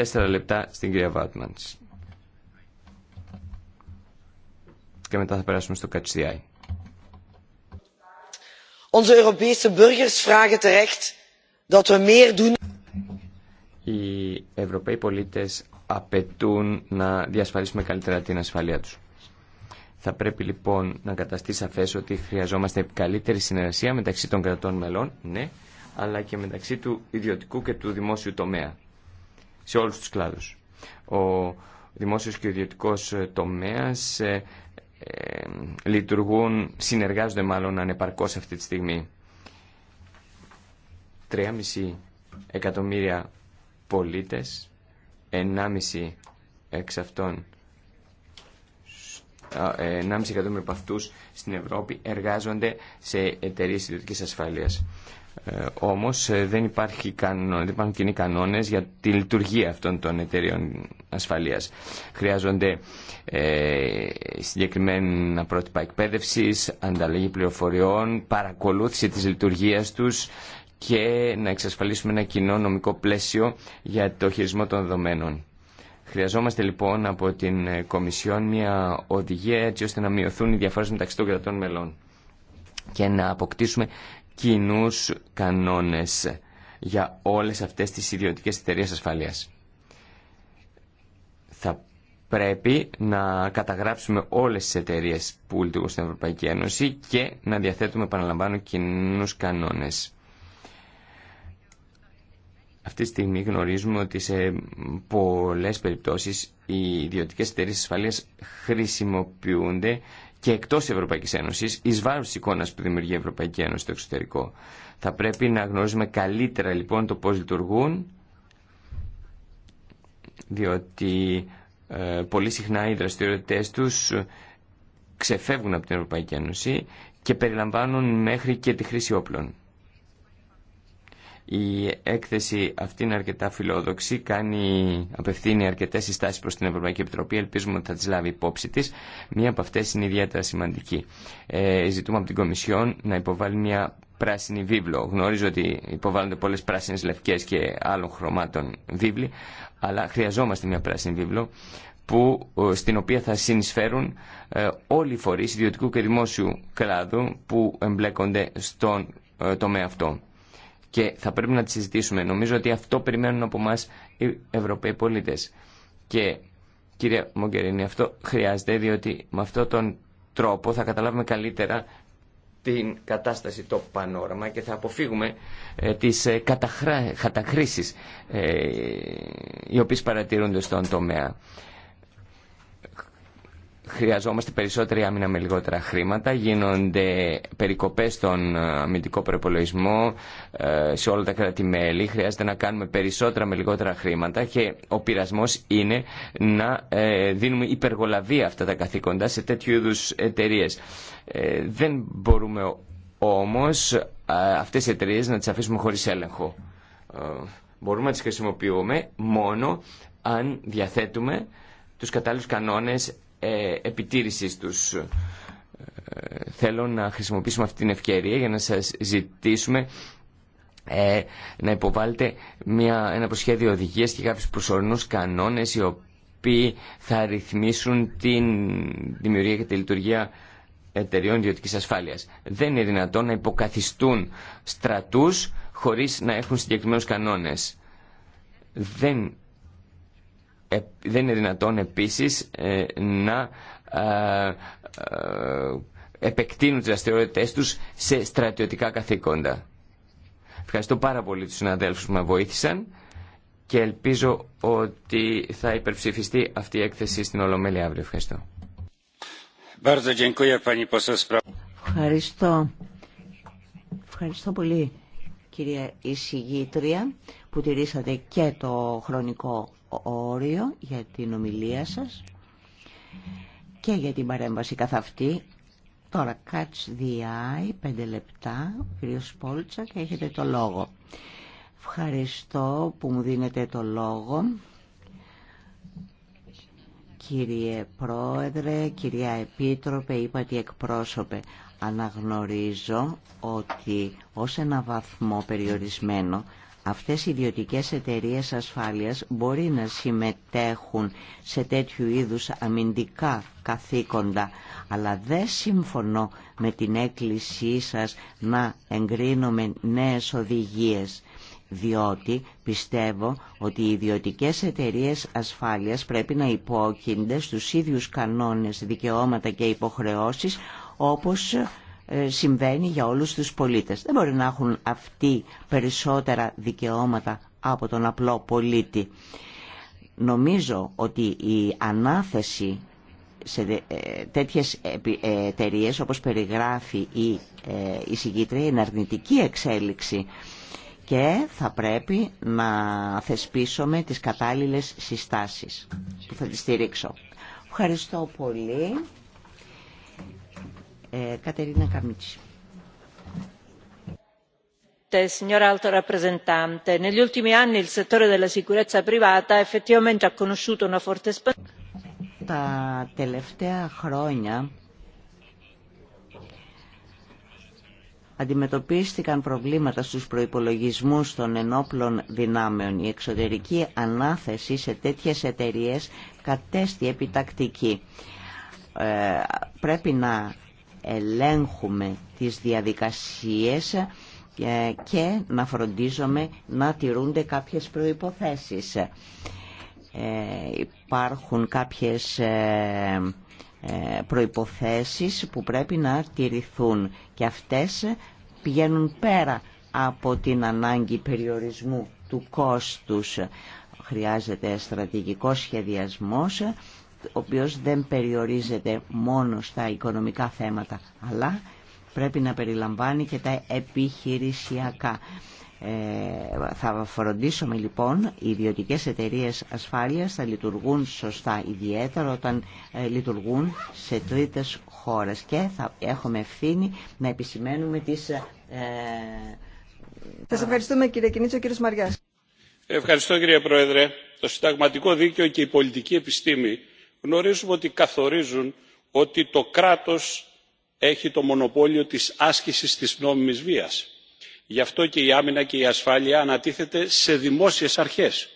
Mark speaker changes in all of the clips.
Speaker 1: Τέσσερα λεπτά στην κυρία Βάτμαντς. Και μετά θα περάσουμε στο Κατσιάι. Οι Ευρωπαίοι πολίτες απαιτούν να διασφαλίσουμε καλύτερα την ασφαλεία τους. Θα πρέπει λοιπόν να καταστεί σαφέ ότι χρειαζόμαστε καλύτερη συνεργασία μεταξύ των κρατών μελών, ναι, αλλά και μεταξύ του ιδιωτικού και του δημόσιου τομέα σε όλους τους κλάδους. Ο δημόσιος και ο ιδιωτικός ε, τομέας ε, ε, λειτουργούν, συνεργάζονται μάλλον ανεπαρκώς αυτή τη στιγμή. 3,5 εκατομμύρια πολίτες, 1,5 εξ 1,5 εκατομμύρια από αυτού στην Ευρώπη εργάζονται σε εταιρείε ιδιωτική ασφαλεία. Ε, όμως ε, δεν, υπάρχει δεν υπάρχουν κοινοί κανόνες για τη λειτουργία αυτών των εταιρείων ασφαλείας. Χρειάζονται ε, συγκεκριμένα πρότυπα εκπαίδευση, ανταλλαγή πληροφοριών, παρακολούθηση της λειτουργίας τους και να εξασφαλίσουμε ένα κοινό νομικό πλαίσιο για το χειρισμό των δεδομένων. Χρειαζόμαστε λοιπόν από την ε, Κομισιόν μια οδηγία έτσι ώστε να μειωθούν οι διαφορές μεταξύ των κρατών μελών και να αποκτήσουμε κοινού κανόνες για όλες αυτές τις ιδιωτικές εταιρείε ασφαλείας. Θα πρέπει να καταγράψουμε όλες τις εταιρείε που λειτουργούν στην Ευρωπαϊκή Ένωση και να διαθέτουμε, επαναλαμβάνω, κοινού κανόνες. Αυτή τη στιγμή γνωρίζουμε ότι σε πολλές περιπτώσεις οι ιδιωτικές εταιρείε ασφαλείας χρησιμοποιούνται και εκτός Ευρωπαϊκή Ευρωπαϊκής Ένωσης, βάρο τη εικόνα που δημιουργεί η Ευρωπαϊκή Ένωση στο εξωτερικό. Θα πρέπει να γνωρίζουμε καλύτερα λοιπόν το πώς λειτουργούν, διότι ε, πολύ συχνά οι δραστηριότητες τους ξεφεύγουν από την Ευρωπαϊκή Ένωση και περιλαμβάνουν μέχρι και τη χρήση όπλων. Η έκθεση αυτή είναι αρκετά φιλόδοξη, κάνει, απευθύνει αρκετέ συστάσει προ την Ευρωπαϊκή Επιτροπή. Ελπίζουμε ότι θα τι λάβει υπόψη τη. Μία από αυτέ είναι ιδιαίτερα σημαντική. Ε, ζητούμε από την Κομισιόν να υποβάλει μια πράσινη βίβλο. Γνωρίζω ότι υποβάλλονται πολλέ πράσινε, λευκέ και άλλων χρωμάτων βίβλοι, αλλά χρειαζόμαστε μια πράσινη βίβλο που, στην οποία θα συνεισφέρουν ε, όλοι οι φορεί ιδιωτικού και δημόσιου κλάδου που εμπλέκονται στον ε, τομέα αυτό και θα πρέπει να τις συζητήσουμε. Νομίζω ότι αυτό περιμένουν από εμά οι Ευρωπαίοι πολίτες. Και κύριε Μογκερίνη, αυτό χρειάζεται διότι με αυτόν τον τρόπο θα καταλάβουμε καλύτερα την κατάσταση, το πανόραμα και θα αποφύγουμε ε, τις ε, καταχρήσεις ε, οι οποίες παρατηρούνται στον τομέα χρειαζόμαστε περισσότερη άμυνα με λιγότερα χρήματα, γίνονται περικοπές στον ε, αμυντικό προπολογισμό ε, σε όλα τα κράτη-μέλη, χρειάζεται να κάνουμε περισσότερα με λιγότερα χρήματα και ο πειρασμός είναι να ε, δίνουμε υπεργολαβία αυτά τα καθήκοντα σε τέτοιου είδου εταιρείε. Δεν μπορούμε όμως αυτές οι εταιρείε να τις αφήσουμε χωρίς έλεγχο. Μπορούμε να τις χρησιμοποιούμε μόνο αν διαθέτουμε τους κατάλληλους κανόνες ε, επιτήρησης τους. Ε, θέλω να χρησιμοποιήσουμε αυτή την ευκαιρία για να σας ζητήσουμε ε, να υποβάλλετε μια, ένα προσχέδιο οδηγίας και κάποιου προσωρινούς κανόνες οι οποίοι θα ρυθμίσουν την δημιουργία και τη λειτουργία εταιριών ιδιωτικής ασφάλειας. Δεν είναι δυνατόν να υποκαθιστούν στρατούς χωρίς να έχουν συγκεκριμένους κανόνες. Δεν δεν είναι δυνατόν επίσης ε, να ε, ε, επεκτείνουν τις δραστηριότητε τους σε στρατιωτικά καθήκοντα. Ευχαριστώ πάρα πολύ τους συναδέλφους που με βοήθησαν και ελπίζω ότι θα υπερψηφιστεί αυτή η έκθεση στην Ολομέλεια αύριο. Ευχαριστώ.
Speaker 2: Ευχαριστώ. Ευχαριστώ πολύ κυρία εισηγήτρια που τηρήσατε και το χρονικό όριο για την ομιλία σας και για την παρέμβαση καθ' αυτή. Τώρα, catch the eye, πέντε λεπτά, ο κύριος και έχετε το λόγο. Ευχαριστώ που μου δίνετε το λόγο. Κύριε Πρόεδρε, κυρία Επίτροπε, είπατε εκπρόσωπε, αναγνωρίζω ότι ως ένα βαθμό περιορισμένο αυτές οι ιδιωτικές εταιρείες ασφάλειας μπορεί να συμμετέχουν σε τέτοιου είδους αμυντικά καθήκοντα, αλλά δεν συμφωνώ με την έκκλησή σας να εγκρίνουμε νέες οδηγίες διότι πιστεύω ότι οι ιδιωτικές εταιρείες ασφάλειας πρέπει να υπόκεινται στους ίδιους κανόνες, δικαιώματα και υποχρεώσεις όπως ε, συμβαίνει για όλους τους πολίτες. Δεν μπορεί να έχουν αυτοί περισσότερα δικαιώματα από τον απλό πολίτη. Νομίζω ότι η ανάθεση σε ε, τέτοιες ε, εταιρείε όπως περιγράφει η εισηγήτρια είναι αρνητική εξέλιξη και θα πρέπει να θεσπίσουμε τις κατάλληλες συστάσεις που θα τις στηρίξω. Ευχαριστώ πολύ. Ε, Κατερίνα Καμίτσι. Ε, Signora Alto Rappresentante, negli ultimi anni il settore della sicurezza privata effettivamente ha conosciuto una forte espansione. Τα τελευταία χρόνια αντιμετωπίστηκαν προβλήματα στους προϋπολογισμούς των ενόπλων δυνάμεων. Η εξωτερική ανάθεση σε τέτοιες εταιρείες κατέστη επιτακτική. Ε, πρέπει να ελέγχουμε τις διαδικασίες ε, και να φροντίζουμε να τηρούνται κάποιες προϋποθέσεις. Ε, υπάρχουν κάποιες ε, προϋποθέσεις που πρέπει να τηρηθούν και αυτές πηγαίνουν πέρα από την ανάγκη περιορισμού του κόστους. Χρειάζεται στρατηγικό σχεδιασμός ο οποίος δεν περιορίζεται μόνο στα οικονομικά θέματα, αλλά πρέπει να περιλαμβάνει και τα επιχειρησιακά. Ε, θα φροντίσουμε λοιπόν οι ιδιωτικές εταιρείες ασφάλειας θα λειτουργούν σωστά ιδιαίτερα όταν ε, λειτουργούν σε τρίτες χώρες και θα έχουμε ευθύνη να επισημαίνουμε τις... Ε,
Speaker 3: θα σας ευχαριστούμε κύριε Κινίτσο, κύριο Μαριάς.
Speaker 4: Ευχαριστώ κύριε Πρόεδρε. Το συνταγματικό δίκαιο και η πολιτική επιστήμη γνωρίζουμε ότι καθορίζουν ότι το κράτος έχει το μονοπόλιο της άσκησης της νόμιμης βίας. γι' αυτό και η άμυνα και η ασφάλεια ανατίθεται σε δημόσιες αρχές.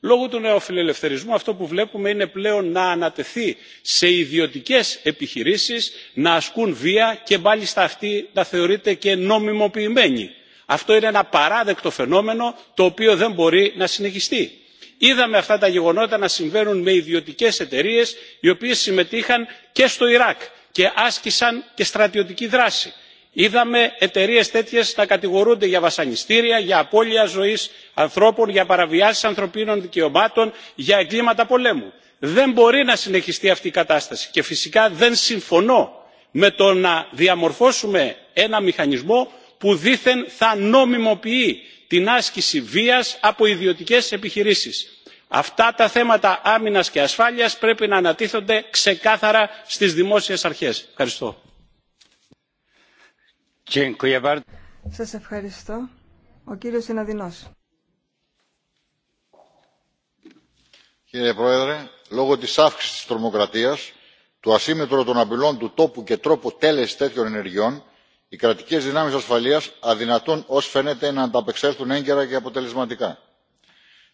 Speaker 4: λόγω του νεοφιλελευθερισμού αυτό που βλέπουμε είναι πλέον να ανατεθεί σε ιδιωτικές επιχειρήσεις να ασκούν βία και μάλιστα αυτή να θεωρείται και νομιμοποιημένη. αυτό είναι ένα παράδεκτο φαινόμενο το οποίο δεν μπορεί να συνεχιστεί είδαμε αυτά τα γεγονότα να συμβαίνουν με ιδιωτικές εταιρείες οι οποίες συμμετείχαν και στο ιράκ και άσκησαν και στρατιωτική δράση. είδαμε εταιρείες τέτοιες να κατηγορούνται για βασανιστήρια για απώλεια ζωής ανθρώπων για παραβιάσεις ανθρωπίνων δικαιωμάτων για εγκλήματα πολέμου. δεν μπορεί να συνεχιστεί αυτή η κατάσταση και φυσικά δεν συμφωνώ με το να διαμορφώσουμε ένα μηχανισμό που δήθεν θα νομιμοποιεί την άσκηση βίας από ιδιωτικές επιχειρήσεις. Αυτά τα θέματα άμυνας και ασφάλειας πρέπει να ανατίθονται ξεκάθαρα στις δημόσιες αρχές. Ευχαριστώ.
Speaker 3: Σας ευχαριστώ. Ο κύριος Συναδεινός.
Speaker 5: Κύριε Πρόεδρε, λόγω της αύξησης της τρομοκρατίας, του ασύμετρου των απειλών του τόπου και τρόπου τέλεσης τέτοιων ενεργειών, οι κρατικέ δυνάμει ασφαλεία αδυνατούν ω φαίνεται να ανταπεξέλθουν έγκαιρα και αποτελεσματικά.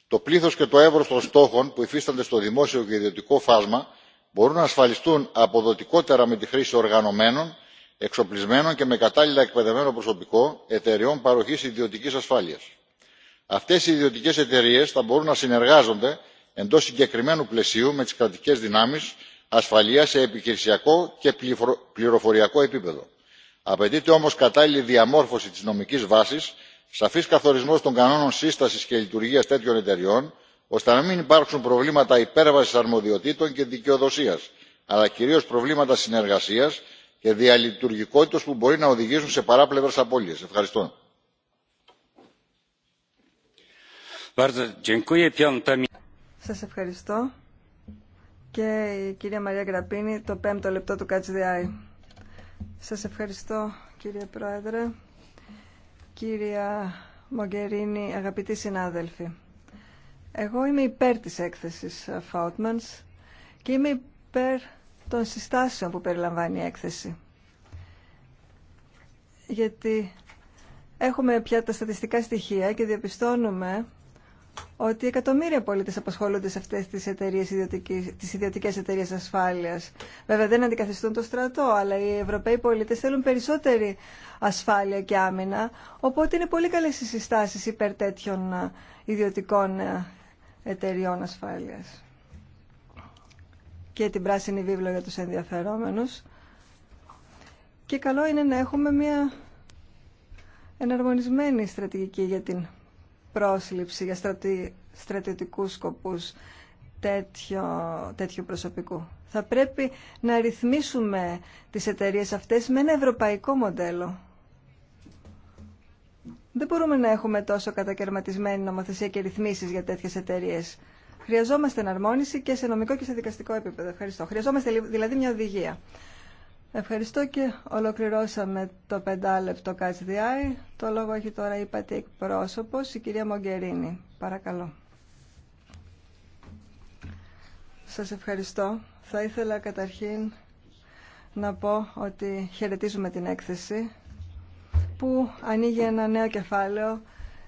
Speaker 5: το πλήθο και το εύρο των στόχων που υφίστανται στο δημόσιο και ιδιωτικό φάσμα μπορούν να ασφαλιστούν αποδοτικότερα με τη χρήση οργανωμένων εξοπλισμένων και με κατάλληλα εκπαιδευμένο προσωπικό εταιρεών παροχή ιδιωτική ασφάλεια. αυτέ οι ιδιωτικέ εταιρείε θα μπορούν να συνεργάζονται εντό συγκεκριμένου πλαισίου με τι κρατικέ δυνάμει ασφαλεία σε επιχειρησιακό και πληροφοριακό επίπεδο απαιτείται όμως κατάλληλη διαμόρφωση της νομικής βάσης σαφής καθορισμός των κανόνων σύστασης και λειτουργίας τέτοιων εταιριών ώστε να μην υπάρξουν προβλήματα υπέρβασης αρμοδιοτήτων και δικαιοδοσίας αλλά κυρίως προβλήματα συνεργασίας και διαλειτουργικότητας που μπορεί να οδηγήσουν σε παράπλευρες απώλειες. ευχαριστώ.
Speaker 3: Σας ευχαριστώ. Και η κυρία Μαρία Γραπίνη, το πέμπτο λεπτό του Κάτσι σας ευχαριστώ κύριε Πρόεδρε, κύρια Μογκερίνη, αγαπητοί συνάδελφοι. Εγώ είμαι υπέρ της έκθεσης ε, Φάουτμανς και είμαι υπέρ των συστάσεων που περιλαμβάνει η έκθεση. Γιατί έχουμε πια τα στατιστικά στοιχεία και διαπιστώνουμε ότι εκατομμύρια πολίτες απασχολούνται σε αυτές τις, εταιρείες ιδιωτικής, τις ιδιωτικές εταιρείες ασφάλειας. Βέβαια δεν αντικαθιστούν το στρατό, αλλά οι Ευρωπαίοι πολίτες θέλουν περισσότερη ασφάλεια και άμυνα, οπότε είναι πολύ καλέ οι συστάσει υπέρ τέτοιων ε, ιδιωτικών ε, εταιριών ασφάλειας. Και την πράσινη βίβλο για του ενδιαφερόμενους. Και καλό είναι να έχουμε μια εναρμονισμένη στρατηγική για την πρόσληψη για στρατη, στρατιωτικούς σκοπούς τέτοιο, τέτοιου προσωπικού. Θα πρέπει να ρυθμίσουμε τις εταιρείες αυτές με ένα ευρωπαϊκό μοντέλο. Δεν μπορούμε να έχουμε τόσο κατακαιρματισμένη νομοθεσία και ρυθμίσεις για τέτοιες εταιρείες. Χρειαζόμαστε εναρμόνιση και σε νομικό και σε δικαστικό επίπεδο. Ευχαριστώ. Χρειαζόμαστε δηλαδή μια οδηγία. Ευχαριστώ και ολοκληρώσαμε το πεντάλεπτο ΚΑΤΣΔΙ. Το λόγο έχει τώρα η πατή εκπρόσωπος, η κυρία Μογκερίνη. Παρακαλώ. Σας ευχαριστώ. Θα ήθελα καταρχήν να πω ότι χαιρετίζουμε την έκθεση που ανοίγει ένα νέο κεφάλαιο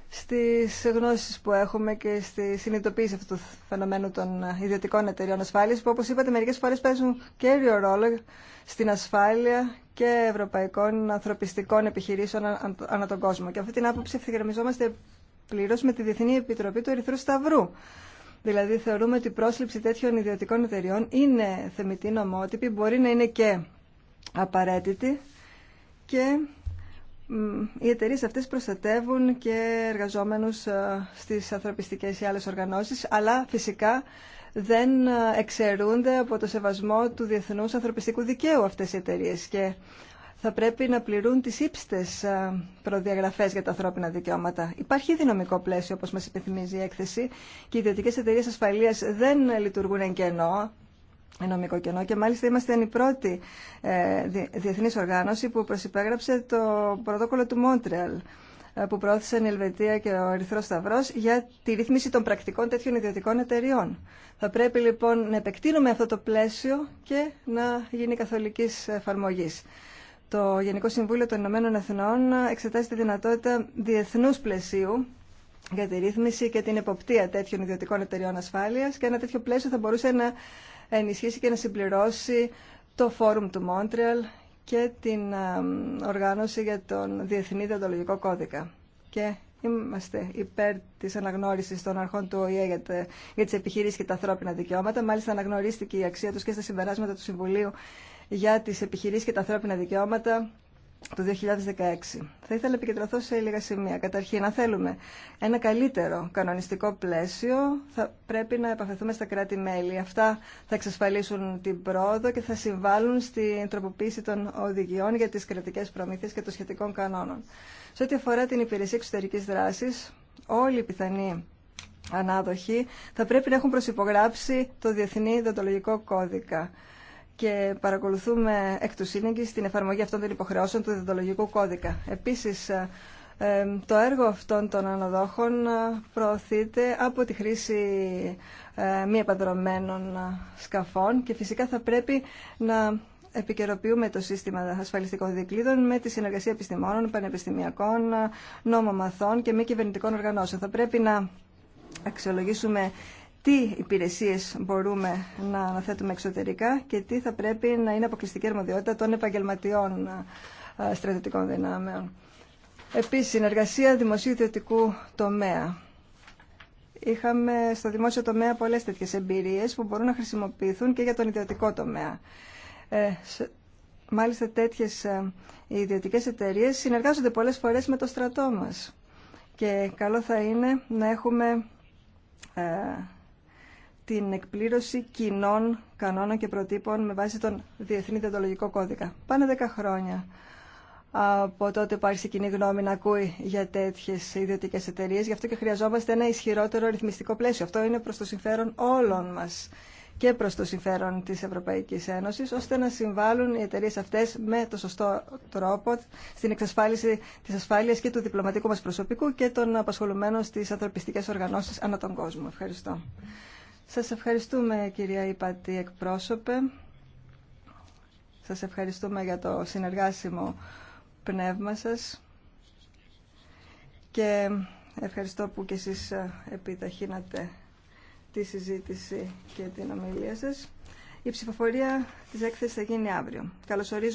Speaker 3: στις γνώσεις που έχουμε και στη συνειδητοποίηση αυτού του φαινομένου των ιδιωτικών εταιριών ασφάλειας που όπως είπατε μερικές φορές παίζουν κέριο ρόλο στην ασφάλεια και ευρωπαϊκών ανθρωπιστικών επιχειρήσεων ανά τον κόσμο. Και αυτή την άποψη ευθυγραμμιζόμαστε πλήρω με τη Διεθνή Επιτροπή του Ερυθρού Σταυρού. Δηλαδή θεωρούμε ότι η πρόσληψη τέτοιων ιδιωτικών εταιριών είναι θεμητή νομότυπη, μπορεί να είναι και απαραίτητη και οι εταιρείε αυτές προστατεύουν και εργαζόμενους ε, στις ανθρωπιστικές ή άλλες οργανώσεις, αλλά φυσικά δεν ε, εξαιρούνται από το σεβασμό του διεθνούς ανθρωπιστικού δικαίου αυτές οι εταιρείε και θα πρέπει να πληρούν τις ύψτες ε, προδιαγραφές για τα ανθρώπινα δικαιώματα. Υπάρχει δυναμικό πλαίσιο, όπως μας επιθυμίζει η έκθεση, και οι ιδιωτικές εταιρείε ασφαλείας δεν λειτουργούν εν κενό, νομικό κενό και μάλιστα είμαστε η πρώτη ε, διεθνής οργάνωση που προσυπέγραψε το πρωτόκολλο του Μόντρεαλ ε, που προώθησαν η Ελβετία και ο Ερυθρός Σταυρός για τη ρύθμιση των πρακτικών τέτοιων ιδιωτικών εταιριών. Θα πρέπει λοιπόν να επεκτείνουμε αυτό το πλαίσιο και να γίνει καθολικής εφαρμογή. Το Γενικό Συμβούλιο των Ηνωμένων Εθνών εξετάζει τη δυνατότητα διεθνούς πλαισίου για τη ρύθμιση και την εποπτεία τέτοιων ιδιωτικών εταιριών ασφάλειας και ένα τέτοιο πλαίσιο θα μπορούσε να ενισχύσει και να συμπληρώσει το Φόρουμ του Μόντρεαλ και την ε, οργάνωση για τον Διεθνή Διοντολογικό Κώδικα. Και είμαστε υπέρ της αναγνώρισης των αρχών του ΟΗΕ για, τε, για τις επιχειρήσεις και τα ανθρώπινα δικαιώματα. Μάλιστα αναγνωρίστηκε η αξία τους και στα συμπεράσματα του Συμβουλίου για τις επιχειρήσεις και τα ανθρώπινα δικαιώματα το 2016. Θα ήθελα να επικεντρωθώ σε λίγα σημεία. Καταρχήν, αν θέλουμε ένα καλύτερο κανονιστικό πλαίσιο, θα πρέπει να επαφεθούμε στα κράτη-μέλη. Αυτά θα εξασφαλίσουν την πρόοδο και θα συμβάλλουν στην τροποποίηση των οδηγιών για τις κρατικές προμήθειες και των σχετικών κανόνων. Σε ό,τι αφορά την υπηρεσία εξωτερικής δράσης, όλοι οι πιθανοί ανάδοχοι θα πρέπει να έχουν προσυπογράψει το Διεθνή Δοντολογικό Κώδικα και παρακολουθούμε εκ του σύνεγγυ την εφαρμογή αυτών των υποχρεώσεων του Διδολογικού Κώδικα. Επίσης, ε, ε, το έργο αυτών των αναδόχων ε, προωθείται από τη χρήση μη επανδρομένων σκαφών και φυσικά θα πρέπει να επικαιροποιούμε το σύστημα ασφαλιστικών δικλείδων με τη συνεργασία επιστημόνων, πανεπιστημιακών, νόμομαθών και μη κυβερνητικών οργανώσεων. Θα πρέπει να αξιολογήσουμε τι υπηρεσίες μπορούμε να αναθέτουμε εξωτερικά και τι θα πρέπει να είναι αποκλειστική αρμοδιότητα των επαγγελματιών ε, στρατιωτικών δυνάμεων. Επίσης, συνεργασία δημοσίου ιδιωτικού τομέα. Είχαμε στο δημόσιο τομέα πολλές τέτοιες εμπειρίες που μπορούν να χρησιμοποιηθούν και για τον ιδιωτικό τομέα. Ε, μάλιστα τέτοιες ε, ιδιωτικέ ιδιωτικές συνεργάζονται πολλές φορές με το στρατό μας. Και καλό θα είναι να έχουμε την εκπλήρωση κοινών κανόνων και προτύπων με βάση τον Διεθνή Διοντολογικό Κώδικα. Πάνε δέκα χρόνια από τότε που άρχισε η κοινή γνώμη να ακούει για τέτοιε ιδιωτικέ εταιρείε. Γι' αυτό και χρειαζόμαστε ένα ισχυρότερο ρυθμιστικό πλαίσιο. Αυτό είναι προ το συμφέρον όλων μα και προ το συμφέρον τη Ευρωπαϊκή Ένωση, ώστε να συμβάλλουν οι εταιρείε αυτέ με το σωστό τρόπο στην εξασφάλιση τη ασφάλεια και του διπλωματικού μα προσωπικού και των απασχολουμένων στι ανθρωπιστικέ οργανώσει ανά τον κόσμο. Ευχαριστώ. Σας ευχαριστούμε κυρία Υπατή εκπρόσωπε. Σας ευχαριστούμε για το συνεργάσιμο πνεύμα σας και ευχαριστώ που κι εσείς ε, επιταχύνατε τη συζήτηση και την ομιλία σας. Η ψηφοφορία της έκθεσης θα γίνει αύριο.